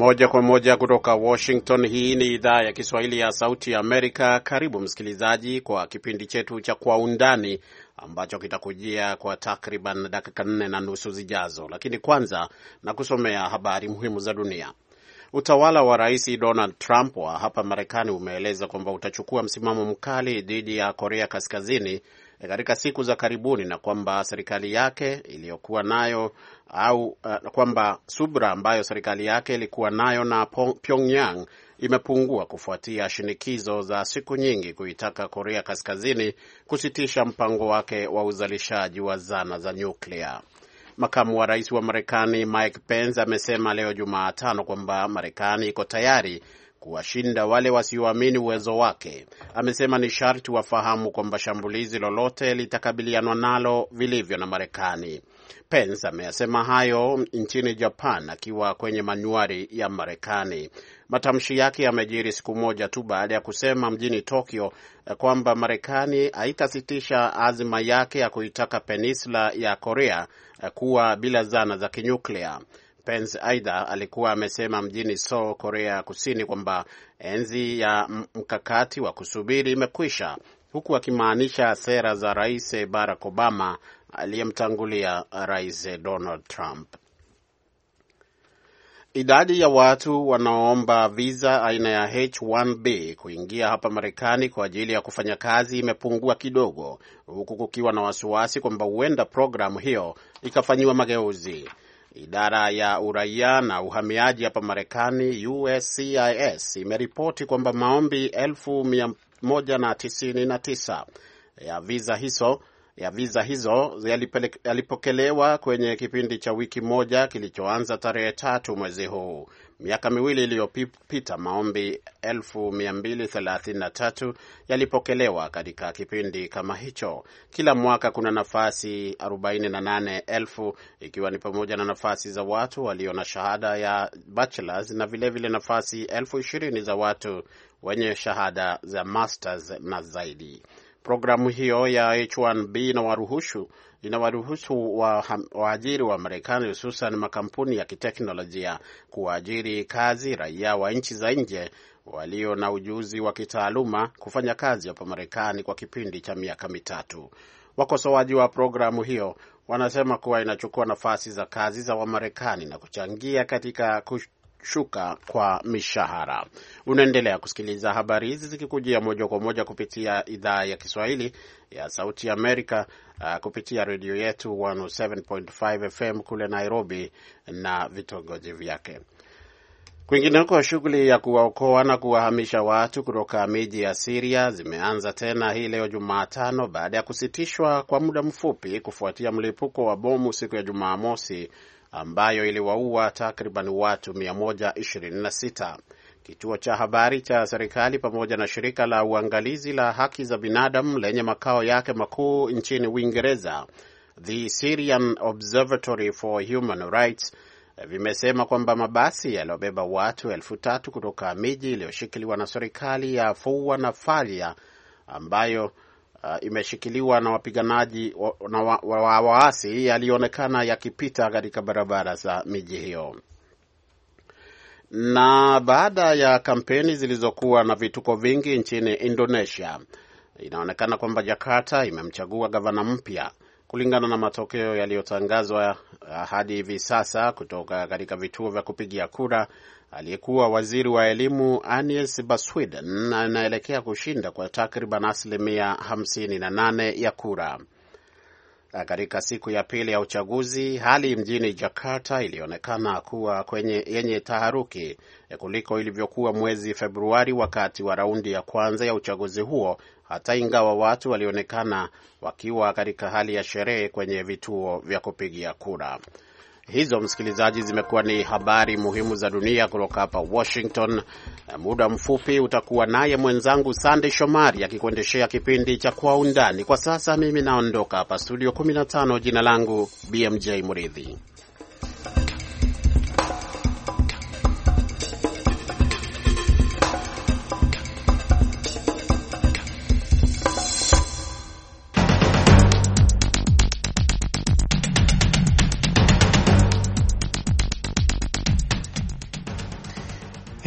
Moja kwa moja kutoka Washington. Hii ni idhaa ya Kiswahili ya Sauti ya Amerika. Karibu msikilizaji, kwa kipindi chetu cha Kwa Undani ambacho kitakujia kwa takriban dakika nne na nusu zijazo, lakini kwanza na kusomea habari muhimu za dunia. Utawala wa Rais Donald Trump wa hapa Marekani umeeleza kwamba utachukua msimamo mkali dhidi ya Korea Kaskazini katika siku za karibuni na kwamba serikali yake iliyokuwa nayo au uh, kwamba subra ambayo serikali yake ilikuwa nayo na Pyongyang imepungua kufuatia shinikizo za siku nyingi kuitaka Korea Kaskazini kusitisha mpango wake wa uzalishaji wa zana za nyuklia. Makamu wa rais wa Marekani Mike Pence amesema leo Jumatano kwamba Marekani iko tayari kuwashinda wale wasioamini uwezo wake. Amesema ni sharti wafahamu kwamba shambulizi lolote litakabilianwa nalo vilivyo na Marekani. Pence ameyasema hayo nchini Japan akiwa kwenye manuari ya Marekani. Matamshi yake yamejiri siku moja tu baada ya kusema mjini Tokyo kwamba Marekani haitasitisha azima yake ya kuitaka peninsula ya Korea kuwa bila zana za kinyuklia. Pence aidha alikuwa amesema mjini Seoul, Korea ya Kusini, kwamba enzi ya mkakati wa kusubiri imekwisha, huku akimaanisha sera za Rais Barack Obama aliyemtangulia Rais Donald Trump. Idadi ya watu wanaoomba viza aina ya H1B kuingia hapa Marekani kwa ajili ya kufanya kazi imepungua kidogo, huku kukiwa na wasiwasi kwamba huenda programu hiyo ikafanyiwa mageuzi. Idara ya uraia na uhamiaji hapa Marekani, USCIS, imeripoti kwamba maombi 1199 ya visa hizo ya viza hizo yalipokelewa kwenye kipindi cha wiki moja kilichoanza tarehe tatu mwezi huu. Miaka miwili iliyopita maombi 233 yalipokelewa katika kipindi kama hicho. Kila mwaka kuna nafasi 48,000 ikiwa ni pamoja na nafasi za watu walio na shahada ya bachelors na vilevile vile nafasi 20,000 za watu wenye shahada za masters na zaidi. Programu hiyo ya H1B inawaruhusu inawaruhusu waajiri wa, wa Marekani hususan makampuni ya kiteknolojia kuwaajiri kazi raia wa nchi za nje walio na ujuzi wa kitaaluma kufanya kazi hapa Marekani kwa kipindi cha miaka mitatu. Wakosoaji wa programu hiyo wanasema kuwa inachukua nafasi za kazi za Wamarekani na kuchangia katika kushuka kwa mishahara. Unaendelea kusikiliza habari hizi zikikujia moja kwa moja kupitia idhaa ya Kiswahili ya Sauti Amerika, uh, kupitia redio yetu 107.5 FM kule Nairobi na vitongoji vyake. Kwingineko, shughuli ya kuwaokoa na kuwahamisha watu kutoka miji ya Siria zimeanza tena hii leo Jumatano baada ya kusitishwa kwa muda mfupi kufuatia mlipuko wa bomu siku ya Jumamosi ambayo iliwaua takriban watu 126. Kituo cha habari cha serikali pamoja na shirika la uangalizi la haki za binadamu lenye makao yake makuu nchini Uingereza, The Syrian Observatory for Human Rights, vimesema kwamba mabasi yaliyobeba watu elfu tatu kutoka miji iliyoshikiliwa na serikali ya fua na Falia ambayo uh, imeshikiliwa na wapiganaji wa, na wa, wa, wa waasi yalionekana yakipita katika barabara za miji hiyo. Na baada ya kampeni zilizokuwa na vituko vingi nchini Indonesia, inaonekana kwamba Jakarta imemchagua gavana mpya kulingana na matokeo yaliyotangazwa uh, hadi hivi sasa kutoka katika vituo vya kupigia kura aliyekuwa waziri wa elimu Anies Baswedan anaelekea kushinda kwa takriban asilimia 58 ya kura. Katika siku ya pili ya uchaguzi, hali mjini Jakarta ilionekana kuwa kwenye yenye taharuki kuliko ilivyokuwa mwezi Februari wakati wa raundi ya kwanza ya uchaguzi huo, hata ingawa watu walionekana wakiwa katika hali ya sherehe kwenye vituo vya kupigia kura. Hizo msikilizaji, zimekuwa ni habari muhimu za dunia kutoka hapa Washington. Muda mfupi utakuwa naye mwenzangu Sandey Shomari akikuendeshea kipindi cha Kwa Undani. Kwa sasa mimi naondoka hapa studio 15. Jina langu BMJ Muridhi.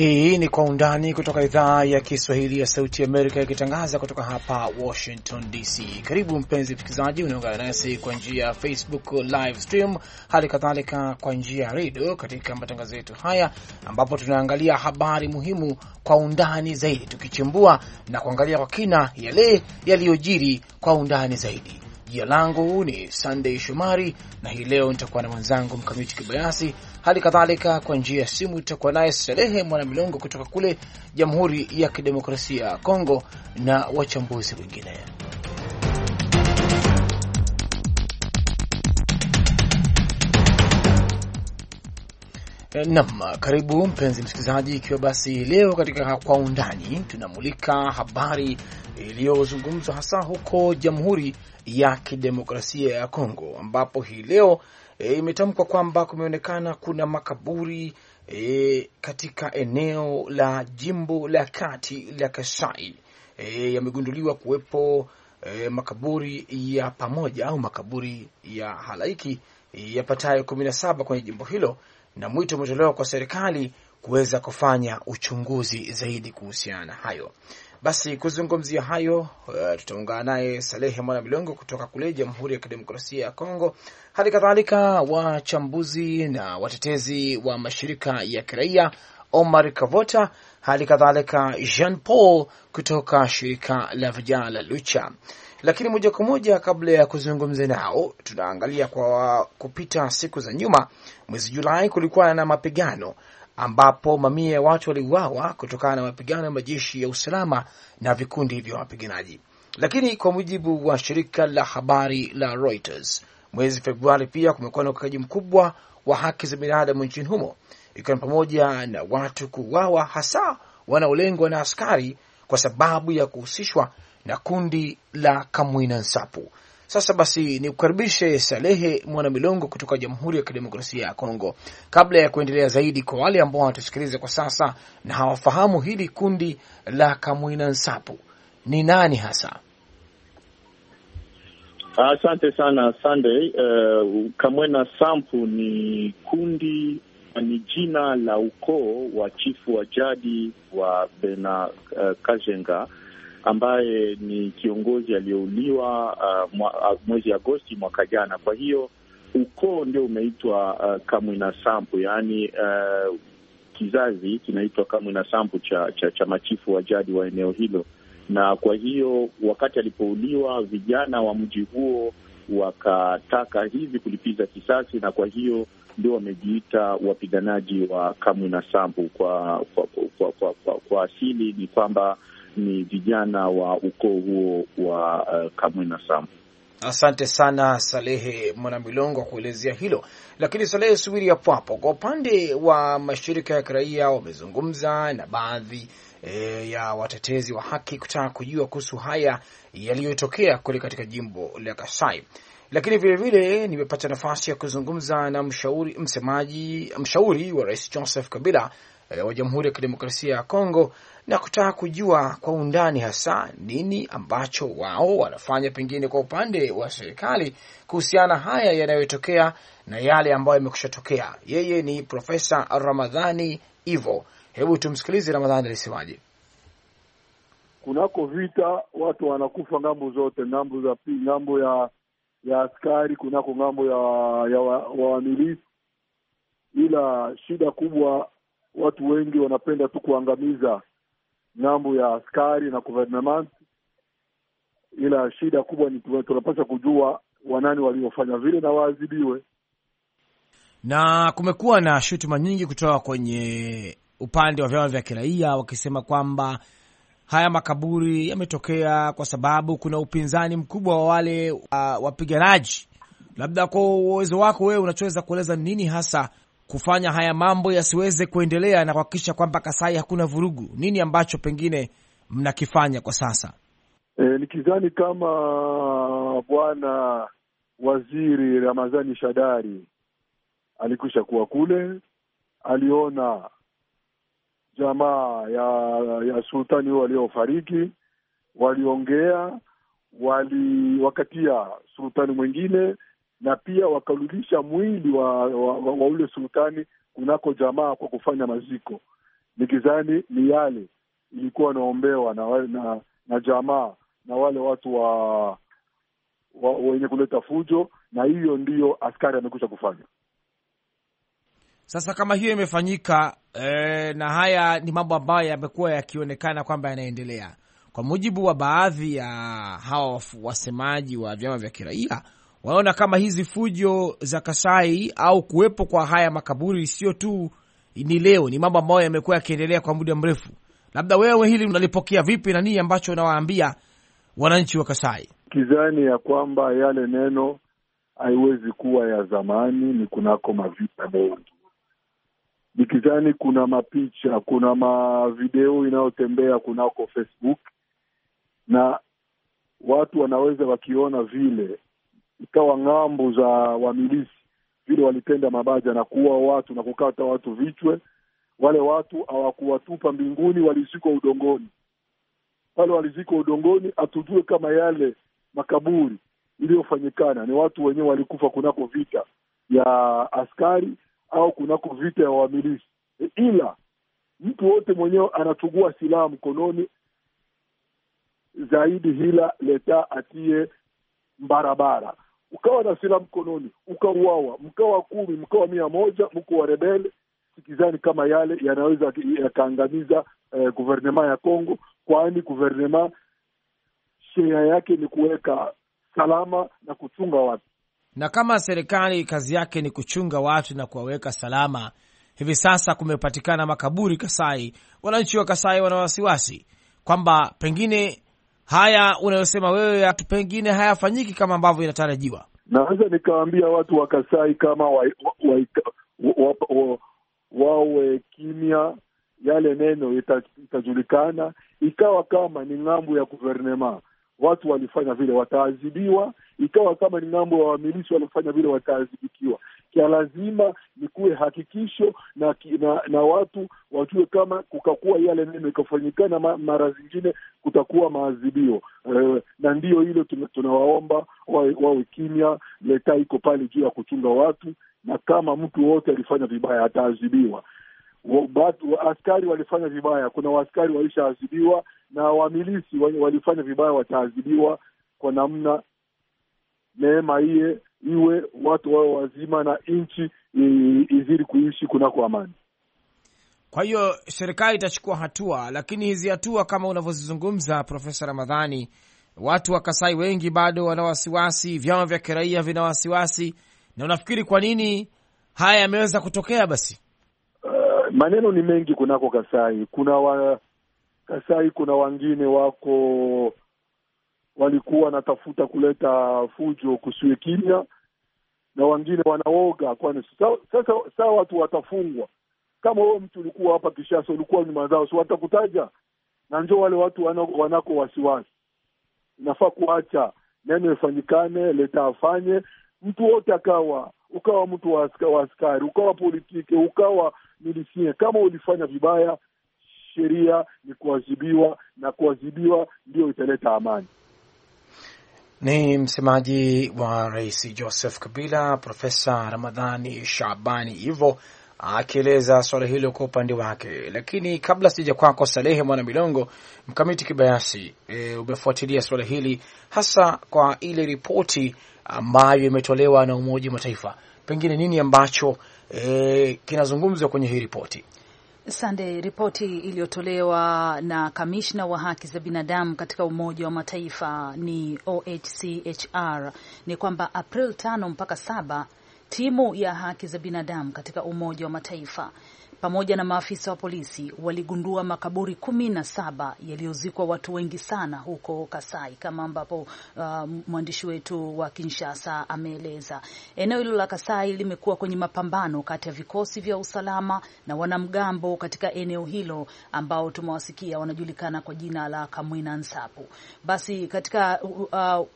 Hii ni Kwa Undani kutoka idhaa ya Kiswahili ya Sauti ya Amerika, ikitangaza kutoka hapa Washington DC. Karibu mpenzi msikilizaji, unaungana nasi kwa njia ya Facebook live stream, hali kadhalika kwa njia ya redio katika matangazo yetu haya, ambapo tunaangalia habari muhimu kwa undani zaidi, tukichimbua na kuangalia kwa kina yale yaliyojiri kwa undani zaidi. Jina langu ni Sunday Shomari na hii leo nitakuwa na mwenzangu Mkamiti Kibayasi. Hali kadhalika kwa njia ya simu itakuwa naye Salehe Mwanamilongo kutoka kule Jamhuri ya Kidemokrasia ya Kongo na wachambuzi wengine. Eh, Naam, karibu mpenzi msikilizaji, ikiwa basi leo katika kwa undani tunamulika habari iliyozungumzwa hasa huko Jamhuri ya Kidemokrasia ya Kongo, ambapo hii leo eh, imetamkwa kwamba kumeonekana kuna makaburi e, katika eneo la jimbo la kati la Kasai e, yamegunduliwa kuwepo e, makaburi ya pamoja au makaburi ya halaiki yapatayo kumi na saba kwenye jimbo hilo na mwito umetolewa kwa serikali kuweza kufanya uchunguzi zaidi kuhusiana na hayo. Basi kuzungumzia hayo, uh, tutaungana naye Salehe Mwana Milongo kutoka kule Jamhuri ya Kidemokrasia ya Kongo, hali kadhalika wachambuzi na watetezi wa mashirika ya kiraia Omar Kavota, hali kadhalika Jean Paul kutoka shirika la vijana la Lucha. Lakini moja kwa moja, kabla ya kuzungumza nao, tunaangalia kwa kupita siku za nyuma. Mwezi Julai kulikuwa na mapigano ambapo mamia ya watu waliuawa kutokana na mapigano ya majeshi ya usalama na vikundi vya wapiganaji. Lakini kwa mujibu wa shirika la habari la Reuters, mwezi Februari pia kumekuwa na ukiukaji mkubwa wa haki za binadamu nchini humo, ikiwa ni pamoja na watu kuuawa, hasa wanaolengwa na askari kwa sababu ya kuhusishwa na kundi la Kamwina Nsapu. Sasa basi ni kukaribishe Salehe Mwana Milongo kutoka Jamhuri ya Kidemokrasia ya Kongo. Kabla ya kuendelea zaidi, kwa wale ambao wanatusikiliza kwa sasa na hawafahamu hili kundi la Kamwina Nsapu ni nani hasa? Asante sana Sunday. Uh, eh, Kamwena sampu ni kundi, ni jina la ukoo wa chifu wa jadi wa Bena uh, eh, Kajenga ambaye ni kiongozi aliyouliwa uh, uh, mwezi Agosti mwaka jana. Kwa hiyo ukoo ndio umeitwa uh, Kamwina sampu yaani uh, kizazi kinaitwa Kamwina sampu cha, cha, cha machifu wa jadi wa eneo hilo, na kwa hiyo wakati alipouliwa vijana wa mji huo wakataka hivi kulipiza kisasi, na kwa hiyo ndio wamejiita wapiganaji wa Kamwina Kwa, Kwa kwa, kwa, kwa, kwa, kwa asili ni kwamba ni vijana wa ukoo huo wa uh, na Samu. Asante sana Salehe Mwanamilongo wa kuelezea hilo. Lakini Salehe Subiri ya Pwapo, kwa upande wa mashirika ya kiraia wamezungumza na baadhi e, ya watetezi wa haki kutaka kujua kuhusu haya yaliyotokea kule katika jimbo la Kasai, lakini vilevile nimepata nafasi ya kuzungumza na mshauri msemaji, mshauri wa Rais Joseph Kabila e, wa Jamhuri ya Kidemokrasia ya Kongo na kutaka kujua kwa undani hasa nini ambacho wao wanafanya pengine kwa upande wa serikali kuhusiana haya yanayotokea na yale ambayo yamekusha tokea Yeye ni Profesa Ramadhani Ivo. Hebu tumsikilize Ramadhani alisemaje. Kunako vita watu wanakufa ngambo zote, ngambo za pili, ngambo ya ya askari, kunako ngambo ya ya wamilisi wa, ila shida kubwa watu wengi wanapenda tu kuangamiza ng'ambo ya askari na government, ila shida kubwa ni tunapaswa kujua wanani waliofanya vile na waadhibiwe. Na kumekuwa na shutuma nyingi kutoka kwenye upande wa vyama vya kiraia wakisema kwamba haya makaburi yametokea kwa sababu kuna upinzani mkubwa wa wale uh, wapiganaji. Labda kwa uwezo wako wewe, unachoweza kueleza nini hasa kufanya haya mambo yasiweze kuendelea na kuhakikisha kwamba Kasai hakuna vurugu? Nini ambacho pengine mnakifanya kwa sasa? E, nikizani kama bwana waziri Ramadhani Shadari alikwisha kuwa kule, aliona jamaa ya ya sultani huo waliofariki, waliongea wali wakatia sultani mwingine na pia wakarudisha mwili wa, wa, wa, wa ule sultani kunako jamaa kwa kufanya maziko. Nikizani ni yale ilikuwa naombewa na, na, na jamaa na wale watu wa, wa wenye kuleta fujo, na hiyo ndiyo askari amekwisha kufanya. Sasa kama hiyo imefanyika eh, na haya ni mambo ambayo yamekuwa yakionekana kwamba yanaendelea kwa mujibu wa baadhi ya hawa wasemaji wa vyama vya kiraia Wanaona kama hizi fujo za Kasai au kuwepo kwa haya makaburi sio tu ni leo, ni mambo ambayo yamekuwa yakiendelea kwa muda mrefu. Labda wewe hili unalipokea vipi na nini ambacho unawaambia wananchi wa Kasai? Kizani ya kwamba yale neno haiwezi kuwa ya zamani, ni kunako mavita mengi nikizani kuna mapicha, kuna mavideo inayotembea kunako Facebook na watu wanaweza wakiona vile ikawa ng'ambo za wamilisi vile walitenda mabaja na kuua watu na kukata watu vichwe. Wale watu hawakuwatupa mbinguni, walizikwa udongoni. pale walizikwa udongoni, hatujue kama yale makaburi iliyofanyikana ni watu wenyewe walikufa kunako vita ya askari au kunako vita ya wamilisi, ila mtu wote mwenyewe anachugua silaha mkononi zaidi, hila leta atie barabara ukawa na silaha mkononi, ukauawa, mkawa kumi, mkawa mia moja, mko wa rebele, sikizani kama yale yanaweza yakaangamiza eh, guvernema ya Congo, kwani guvernema sheria yake ni kuweka salama na kuchunga watu, na kama serikali kazi yake ni kuchunga watu na kuwaweka salama Hivi sasa kumepatikana makaburi Kasai. Wananchi wa Kasai wana wasiwasi kwamba pengine haya unayosema wewe hatu pengine hayafanyiki kama ambavyo inatarajiwa. Naweza nikawaambia watu wa Kasai kama wa, wa, wa, wa, wa, wawe kimya, yale neno itajulikana. Ikawa kama ni ng'ambo ya guvernema, watu walifanya vile wataadhibiwa. Ikawa kama ni ng'ambo ya wamilisi walifanya vile wataadhibikiwa kia lazima ni kuwe hakikisho na, na na watu wajue kama kukakuwa yale neno ikafanyikana mara zingine kutakuwa maadhibio e, eh, na ndiyo hilo tunawaomba wawe kimya. Leta iko pale juu ya kuchunga watu, na kama mtu wote alifanya vibaya ataadhibiwa. Askari walifanya vibaya, kuna waaskari walishaadhibiwa, na wamilisi walifanya vibaya wataadhibiwa kwa namna neema hiye iwe watu wao wazima na nchi izidi kuishi kunako amani. Kwa hiyo serikali itachukua hatua, lakini hizi hatua kama unavyozizungumza Profesa Ramadhani, watu wa Kasai wengi bado wana wasiwasi, vyama vya kiraia vina wasiwasi. Na unafikiri kwa nini haya yameweza kutokea? Basi uh, maneno ni mengi kunako Kasai. Kuna wa Kasai, kuna wengine wako walikuwa wanatafuta kuleta fujo, kusiwe kimya, na wengine wanaoga. Kwani sasa saa watu watafungwa, kama huyo mtu ulikuwa hapa Kishasa, ulikuwa nyuma zao, si watakutaja na njo wale watu wanako, wanako wasiwasi. Inafaa kuacha neno ifanyikane, leta afanye mtu wote akawa ukawa mtu wa askari ukawa politike ukawa milisien, kama ulifanya vibaya, sheria ni kuadhibiwa, na kuadhibiwa ndio italeta amani. Ni msemaji wa rais Joseph Kabila, Profesa Ramadhani Shabani Ivo akieleza swala hilo kwa upande wake. Lakini kabla sija kwako Salehe Mwana Milongo, mkamiti kibayasi, e, umefuatilia swala hili hasa kwa ile ripoti ambayo imetolewa na Umoja wa Mataifa, pengine nini ambacho e, kinazungumzwa kwenye hii ripoti? Sande, ripoti iliyotolewa na kamishna wa haki za binadamu katika Umoja wa Mataifa ni OHCHR ni kwamba April tano mpaka saba timu ya haki za binadamu katika Umoja wa Mataifa pamoja na maafisa wa polisi waligundua makaburi kumi na saba yaliyozikwa watu wengi sana huko Kasai, kama ambapo uh, mwandishi wetu wa Kinshasa ameeleza. Eneo hilo la Kasai limekuwa kwenye mapambano kati ya vikosi vya usalama na wanamgambo katika eneo hilo ambao tumewasikia wanajulikana kwa jina la Kamwina Nsapu. Basi katika uh, uh,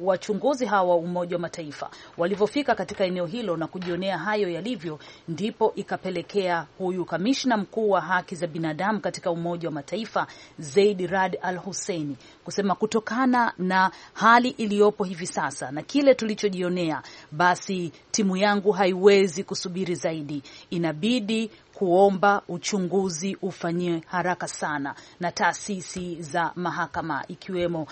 wachunguzi hawa wa Umoja wa Mataifa walivyofika katika eneo hilo na kujionea hayo yalivyo, ndipo ikapelekea huyu kamishna mkuu wa haki za binadamu katika Umoja wa Mataifa Zaid Rad Al Husseini kusema kutokana na hali iliyopo hivi sasa na kile tulichojionea, basi timu yangu haiwezi kusubiri zaidi, inabidi kuomba uchunguzi ufanyie haraka sana na taasisi za mahakama ikiwemo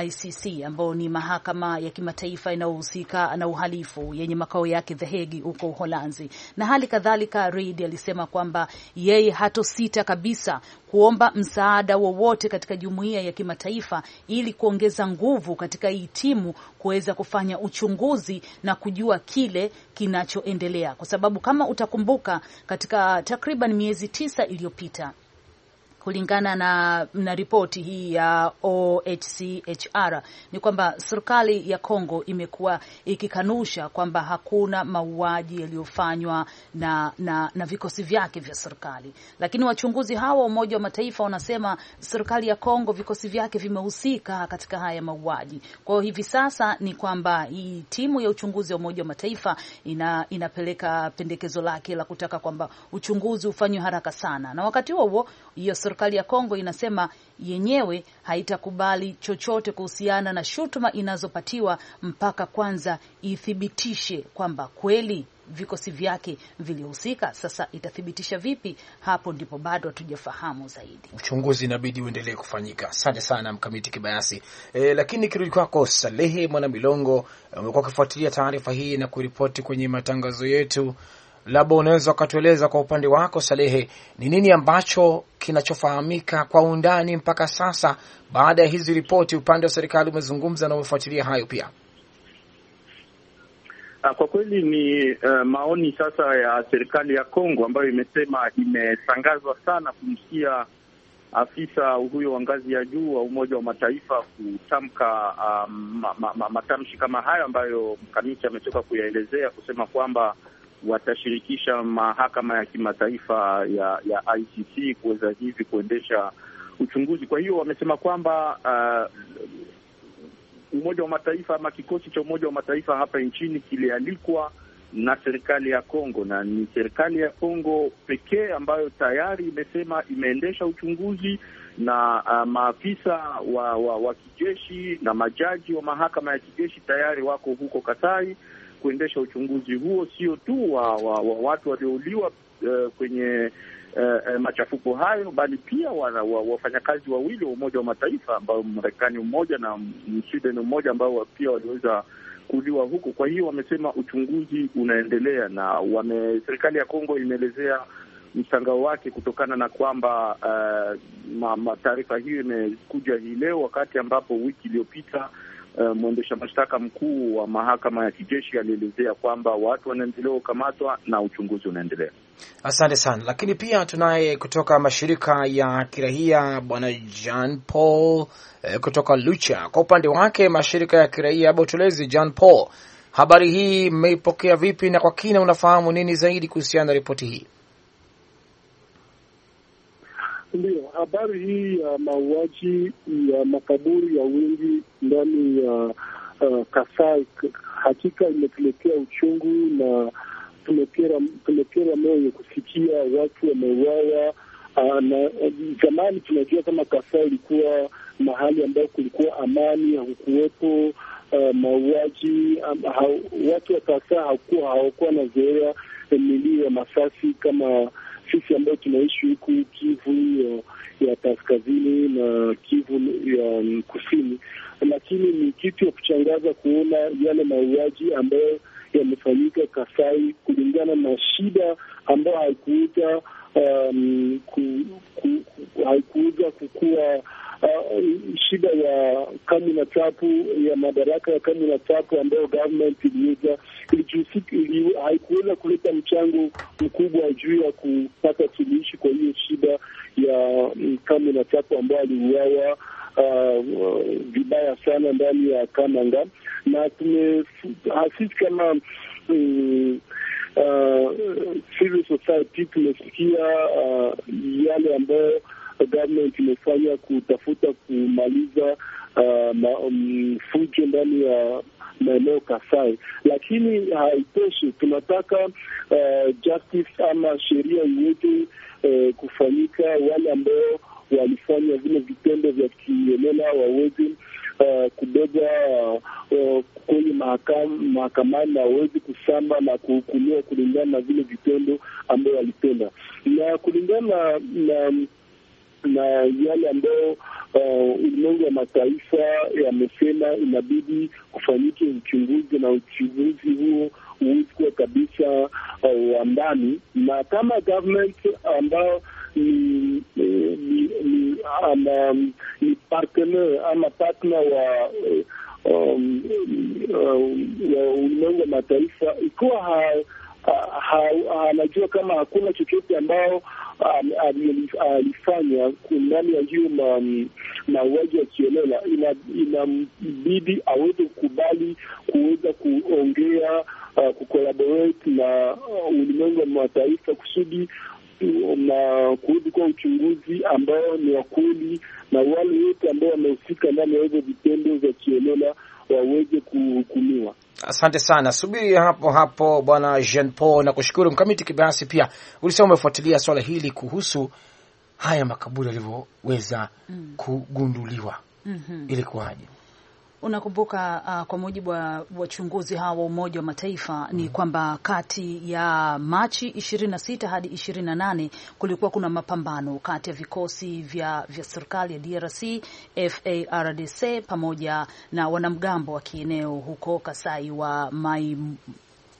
ICC ambayo ni mahakama ya kimataifa inayohusika na uhalifu yenye makao yake The Hague huko Uholanzi. Na hali kadhalika, Reid alisema kwamba yeye hatosita kabisa kuomba msaada wowote katika jumuiya ya kimataifa ili kuongeza nguvu katika hii timu kuweza kufanya uchunguzi na kujua kile kinachoendelea, kwa sababu kama utakumbuka katika takriban miezi tisa iliyopita kulingana na, na ripoti hii ya OHCHR ni kwamba serikali ya Kongo imekuwa ikikanusha kwamba hakuna mauaji yaliyofanywa na, na, na vikosi vyake vya serikali, lakini wachunguzi hawa wa Umoja wa Mataifa wanasema serikali ya Kongo, vikosi vyake vimehusika katika haya mauaji. Kwa hiyo hivi sasa ni kwamba hii timu ya uchunguzi ya Umoja wa Mataifa ina, inapeleka pendekezo lake la kutaka kwamba uchunguzi ufanywe haraka sana, na wakati huo huo serikali ya Kongo inasema yenyewe haitakubali chochote kuhusiana na shutuma inazopatiwa mpaka kwanza ithibitishe kwamba kweli vikosi vyake vilihusika. Sasa itathibitisha vipi? Hapo ndipo bado hatujafahamu zaidi. Uchunguzi inabidi uendelee kufanyika. Asante sana Mkamiti Kibayasi. E, lakini kirudi kwako Salehe Mwanamilongo, umekuwa ukifuatilia taarifa hii na kuripoti kwenye matangazo yetu labda unaweza ukatueleza kwa upande wako Salehe, ni nini ambacho kinachofahamika kwa undani mpaka sasa baada ya hizi ripoti? Upande wa serikali umezungumza na umefuatilia hayo pia. Ah, kwa kweli ni uh, maoni sasa ya serikali ya Kongo ambayo imesema imeshangazwa sana kumsikia afisa huyo wa ngazi ya juu wa Umoja wa Mataifa kutamka um, ma, ma, ma, matamshi kama hayo ambayo mkamiti ametoka kuyaelezea kusema kwamba watashirikisha mahakama ya kimataifa ya ya ICC kuweza hivi kuendesha uchunguzi. Kwa hiyo wamesema kwamba uh, Umoja wa Mataifa ama kikosi cha Umoja wa Mataifa hapa nchini kilialikwa na serikali ya Kongo, na ni serikali ya Kongo pekee ambayo tayari imesema imeendesha uchunguzi na uh, maafisa wa, wa, wa kijeshi na majaji wa mahakama ya kijeshi tayari wako huko Kasai kuendesha uchunguzi huo, sio tu wa, wa, wa watu waliouliwa uh, kwenye uh, machafuko hayo, bali pia wafanyakazi wa, wawili wa Umoja wa Mataifa ambao Marekani mmoja na Msweden mmoja ambao pia waliweza kuuliwa huko. Kwa hiyo wamesema uchunguzi unaendelea na wame, serikali ya Kongo imeelezea mshangao wake kutokana na kwamba uh, taarifa hiyo imekuja hii leo wakati ambapo wiki iliyopita Eh, mwendesha mashtaka mkuu wa mahakama ya kijeshi alielezea kwamba watu wanaendelea kukamatwa na uchunguzi unaendelea. Asante sana. Lakini pia tunaye kutoka mashirika ya kiraia bwana Jean Paul eh, kutoka Lucha. Kwa upande wake mashirika ya kiraia aba utueleze Jean Paul, habari hii mmeipokea vipi na kwa kina unafahamu nini zaidi kuhusiana na ripoti hii? ndio habari hii ya mauaji ya makaburi ya wingi ndani ya uh, Kasai hakika imetuletea uchungu na tumekera moyo kusikia watu wameuawa. Uh, uh, zamani tunajua kama Kasai ilikuwa mahali ambayo kulikuwa amani, hakukuwepo uh, mauaji um, ha, watu wa Kasai hawakuwa na zoea eh, milio ya masasi kama sisi ambayo tunaishi huku Kivu ya, ya kaskazini na Kivu ya um, kusini, lakini ni kitu ya kuchangaza kuona yale mauaji ambayo yamefanyika Kasai kulingana na shida ambayo haikuuza um, ku, ku, haikuweza kukua Uh, shida ya kamu na tapu ya madaraka ya kamu na tapu ambayo government iliweza haikuweza kuleta mchango mkubwa juu ya kupata suluhishi kwa hiyo shida ya mm, Kame na Tshapo ambayo aliuawa uh, vibaya uh, sana ndani ya Kananga, na tumehasisi kama um, uh, civil society tumesikia uh, yale ambayo government imefanya kutafuta kumaliza uh, mfujo um, mm, fujo ndani ya maeneo Kasai, lakini haitoshi. Tunataka uh, justice ama sheria iweze uh, kufanyika. Wale ambao walifanya vile vitendo vya kielela waweze uh, kubeba uh, kwenye mahakamani na waweze kusamba na kuhukumiwa kulingana na vile vitendo ambayo walitenda na kulingana na, na na yale ambayo eh, ulimwengu wa mataifa yamesema inabidi kufanyike uchunguzi, na uchunguzi huo huwezi kuwa kabisa eh, wa ndani, na kama government ambao ni ni partner ama partner eh, um, wa ulimwengu wa mataifa ikiwa anajua ah, ah, kama hakuna chochote ambao ah, alifanya ndani ya hiyo mm, mauaji ya kiolela, inabidi aweze kukubali kuweza kuongea kukolaborate na ulimwengu wa mataifa kusudi mm, na kurudi kwa uchunguzi ambao ni wa kweli na wale wote ambao wamehusika ndani ya hizo vitendo vya kiolela waweze kuhukumiwa. Asante sana, subiri hapo hapo bwana Jean Paul, na kushukuru mkamiti kibayasi. Pia ulisema umefuatilia swala hili kuhusu haya makaburi yalivyoweza mm. kugunduliwa, mm -hmm. Ilikuwaje? Unakumbuka uh, kwa mujibu wa wachunguzi hawa wa Umoja wa Mataifa mm ni kwamba kati ya Machi 26 hadi 28 kulikuwa kuna mapambano kati ya vikosi vya, vya serikali ya DRC FARDC pamoja na wanamgambo wa kieneo huko Kasai wa Mai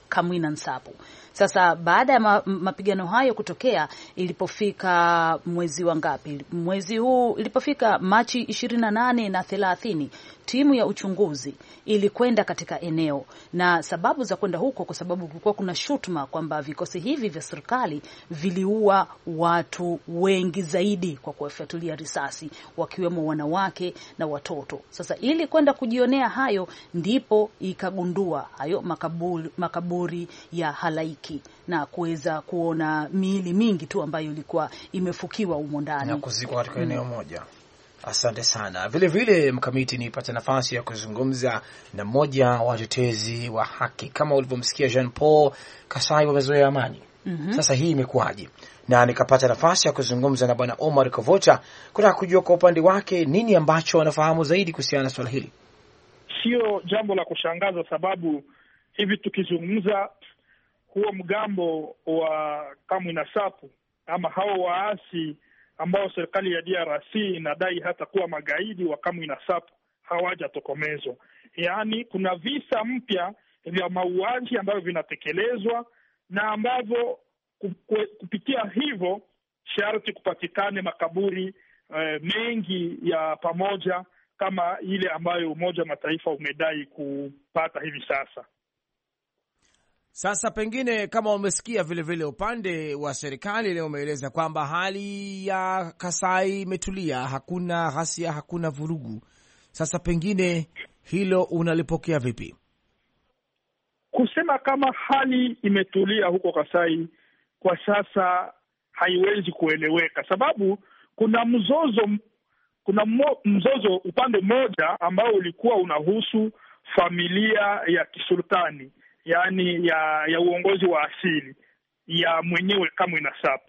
Kamwina Nsapu. Sasa baada ya ma, mapigano hayo kutokea, ilipofika mwezi wa ngapi, mwezi huu ilipofika Machi 28 na 30, timu ya uchunguzi ilikwenda katika eneo, na sababu za kwenda huko, kwa sababu kulikuwa kuna shutuma kwamba vikosi hivi vya serikali viliua watu wengi zaidi kwa kuwafyatulia risasi, wakiwemo wanawake na watoto. Sasa ili kwenda kujionea hayo, ndipo ikagundua hayo makaburi, makaburi ya halaiki haki na kuweza kuona miili mingi tu ambayo ilikuwa imefukiwa humo ndani na kuzikwa katika eneo moja. Asante sana. Vile vile Mkamiti, nipata nafasi ya kuzungumza na mmoja wa watetezi wa haki kama ulivyomsikia Jean Paul Kasai wa Mazoea Amani. mm -hmm. Sasa hii imekuwaje? Na nikapata nafasi ya kuzungumza na Bwana Omar Kovota kutaka kujua kwa upande wake nini ambacho anafahamu zaidi kuhusiana na swala hili. Sio jambo la kushangaza, sababu hivi tukizungumza huo mgambo wa Kamwina Sapu ama hao waasi ambao serikali ya DRC inadai hata kuwa magaidi wa Kamwina Sapu hawajatokomezwa. Yaani kuna visa mpya vya mauaji ambavyo vinatekelezwa na ambavyo kupitia hivyo sharti kupatikane makaburi eh, mengi ya pamoja kama ile ambayo Umoja wa Mataifa umedai kupata hivi sasa. Sasa pengine kama umesikia vilevile upande wa serikali leo umeeleza kwamba hali ya Kasai imetulia, hakuna ghasia, hakuna vurugu. Sasa pengine hilo unalipokea vipi? Kusema kama hali imetulia huko Kasai kwa sasa haiwezi kueleweka, sababu kuna mzozo, kuna mzozo upande mmoja ambao ulikuwa unahusu familia ya kisultani yaani ya ya uongozi wa asili ya mwenyewe kama inasapo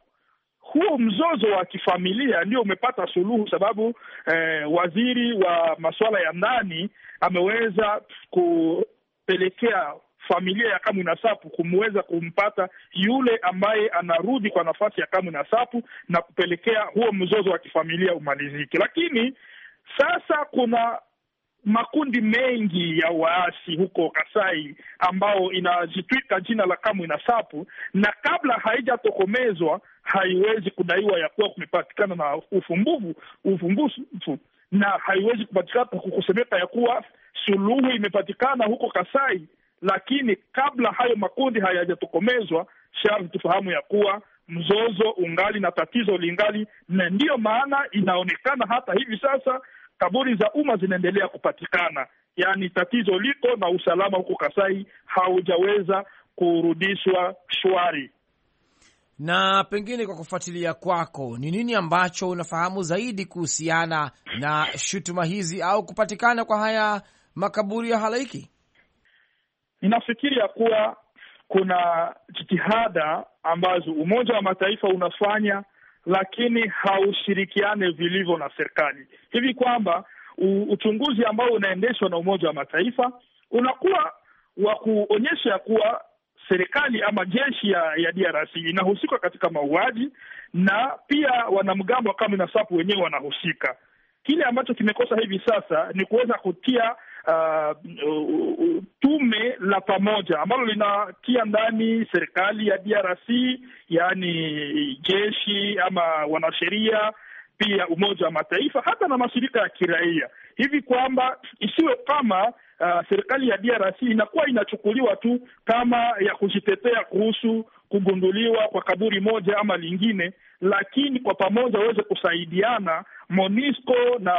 huo mzozo wa kifamilia ndio umepata suluhu, sababu eh, waziri wa masuala ya ndani ameweza kupelekea familia ya na sapu kumweza kumpata yule ambaye anarudi kwa nafasi ya na sapu na kupelekea huo mzozo wa kifamilia umalizike. Lakini sasa kuna makundi mengi ya waasi huko Kasai ambao inajitwika jina la na Sapu, na kabla haijatokomezwa haiwezi kudaiwa ya kuwa kumepatikana na ufumbuvu ufumbufu, na haiwezi kupatikana kusemeka ya kuwa suluhu imepatikana huko Kasai. Lakini kabla hayo makundi hayajatokomezwa, sharti tufahamu ya kuwa mzozo ungali na tatizo lingali, na ndiyo maana inaonekana hata hivi sasa kaburi za umma zinaendelea kupatikana. Yaani tatizo liko na usalama huko Kasai haujaweza kurudishwa shwari. Na pengine kwa kufuatilia kwako, ni nini ambacho unafahamu zaidi kuhusiana na shutuma hizi au kupatikana kwa haya makaburi ya halaiki? Ninafikiri ya kuwa kuna jitihada ambazo Umoja wa Mataifa unafanya lakini haushirikiane vilivyo na serikali, hivi kwamba uchunguzi ambao unaendeshwa na Umoja wa Mataifa unakuwa wa kuonyesha ya kuwa serikali ama jeshi ya, ya DRC inahusika katika mauaji na pia wanamgambo wa Kamuina wenyewe wanahusika. Kile ambacho kimekosa hivi sasa ni kuweza kutia uh, tume la pamoja ambalo linatia ndani serikali ya DRC, yaani jeshi ama wanasheria, pia Umoja wa Mataifa, hata na mashirika ya kiraia, hivi kwamba isiwe kama Uh, serikali ya DRC inakuwa inachukuliwa tu kama ya kujitetea kuhusu kugunduliwa kwa kaburi moja ama lingine, lakini kwa pamoja waweze kusaidiana MONUSCO na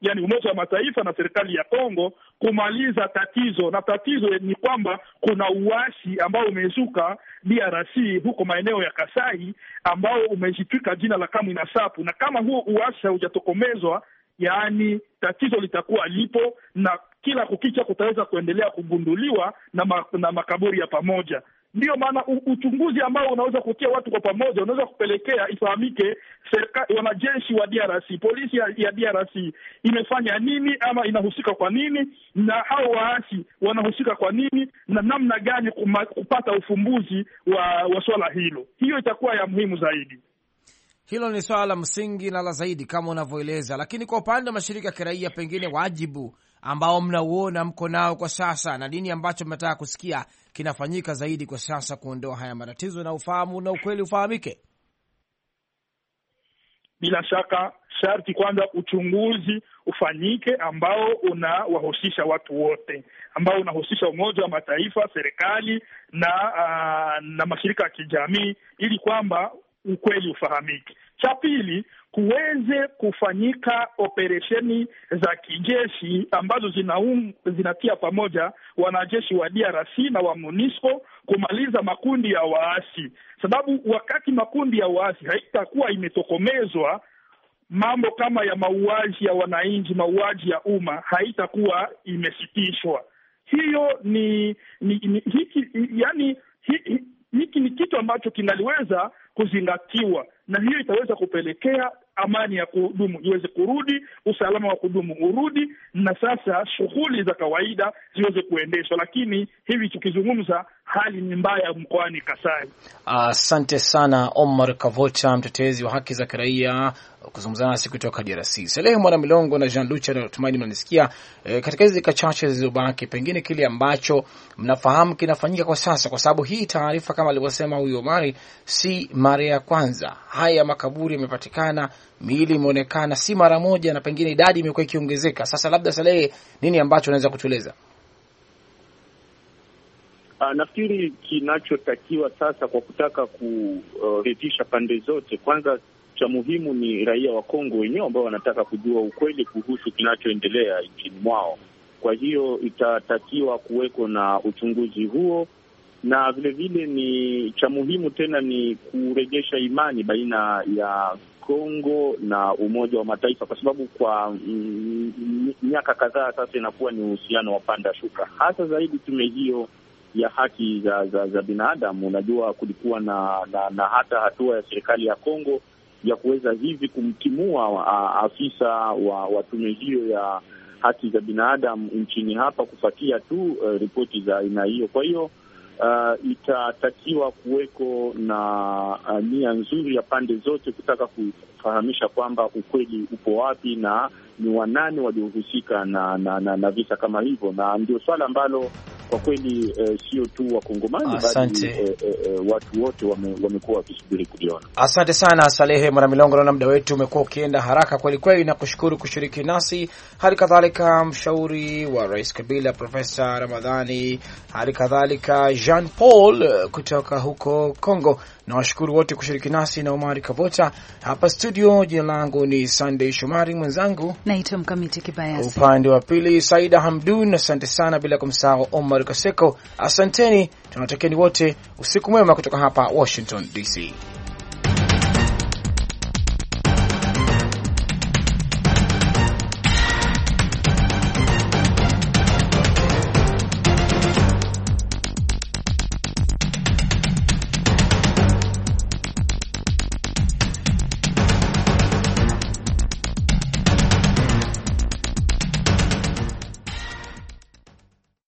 yani Umoja wa Mataifa na serikali ya Kongo kumaliza tatizo. Na tatizo ni kwamba kuna uasi ambao umezuka DRC huko maeneo ya Kasai ambao umejitwika jina la Kamwina Nsapu, na kama huo uasi haujatokomezwa yaani tatizo litakuwa lipo na kila kukicha kutaweza kuendelea kugunduliwa na, ma, na makaburi ya pamoja. Ndiyo maana uchunguzi ambao unaweza kutia watu kwa pamoja unaweza kupelekea ifahamike serikali, wanajeshi wa DRC, polisi ya, ya DRC imefanya nini ama inahusika kwa nini, na hao waasi wanahusika kwa nini, na namna gani kuma, kupata ufumbuzi wa, wa swala hilo. Hiyo itakuwa ya muhimu zaidi. Hilo ni swala la msingi na la zaidi kama unavyoeleza, lakini kwa upande wa mashirika ya kiraia, pengine wajibu ambao mnauona mko nao kwa sasa na nini ambacho mnataka kusikia kinafanyika zaidi kwa sasa kuondoa haya matatizo, na ufahamu na ukweli ufahamike. Bila shaka sharti kwanza uchunguzi ufanyike ambao unawahusisha watu wote, ambao unahusisha Umoja wa Mataifa, serikali na uh, na mashirika ya kijamii, ili kwamba ukweli ufahamike. Cha pili kuweze kufanyika operesheni za kijeshi ambazo zinaum, zinatia pamoja wanajeshi wa DRC na wa MONUSCO kumaliza makundi ya waasi, sababu wakati makundi ya waasi haitakuwa imetokomezwa mambo kama ya mauaji ya wananchi, mauaji ya umma haitakuwa imesitishwa. Hiyo ni, ni, ni hiki, yani hiki, hiki ni kitu ambacho kinaliweza kuzingatiwa, na hiyo itaweza kupelekea amani ya kudumu iweze kurudi, usalama wa kudumu urudi, na sasa shughuli za kawaida ziweze kuendeshwa. Lakini hivi tukizungumza hali ni mbaya mkoani Kasai. Asante uh, sana Omar Kavota, mtetezi wa haki za kiraia kuzungumza nasi kutoka DRC. Salehe Mwana Milongo na Jean Lucha, natumaini mnanisikia. E, katika hizi dakika chache zilizobaki, pengine kile ambacho mnafahamu kinafanyika kwa sasa, kwa sababu hii taarifa kama alivyosema huyu Omari si mara ya kwanza. Haya makaburi yamepatikana, miili imeonekana si mara moja, na pengine idadi imekuwa ikiongezeka. Sasa labda Salehe, nini ambacho unaweza kutueleza? Uh, nafikiri kinachotakiwa sasa kwa kutaka kuridhisha uh, pande zote, kwanza cha muhimu ni raia wa Kongo wenyewe ambao wanataka kujua ukweli kuhusu kinachoendelea nchini mwao. Kwa hiyo itatakiwa kuweko na uchunguzi huo, na vilevile vile ni cha muhimu tena ni kurejesha imani baina ya Kongo na Umoja wa Mataifa, kwa sababu kwa mm, mm, miaka kadhaa sasa inakuwa ni uhusiano wa panda shuka, hasa zaidi tume hiyo ya haki za za, za binadamu. Unajua, kulikuwa na, na na hata hatua ya serikali ya Kongo ya kuweza hivi kumtimua afisa wa, wa tume hiyo ya haki za binadamu nchini hapa kufuatia tu uh, ripoti za aina hiyo. Kwa hiyo uh, itatakiwa kuweko na uh, nia nzuri ya pande zote kutaka ku, kufahamisha kwamba ukweli upo wapi na ni wanani waliohusika na, na, na, na visa kama hivyo, na ndio swala ambalo kwa kweli eh, sio eh, tu Wakongomani bali eh, eh, eh, watu wote wamekuwa wame wakisubiri kuliona. Asante sana Salehe Mwanamilongo, naona muda wetu umekuwa ukienda haraka kweli kweli, na kushukuru kushiriki nasi, hali kadhalika mshauri wa Rais Kabila Profesa Ramadhani, hali kadhalika Jean Paul eh, kutoka huko Congo, Nawashukuru wote kushiriki nasi na Omari Kavota hapa studio studio. Jina langu ni Sunday Shomari, mwenzangu naitwa Mkamiti Kibayasi, upande wa pili Saida Hamdun. Asante sana, bila kumsahau Omar Kaseko. Asanteni, tunawatakieni wote usiku mwema kutoka hapa Washington DC.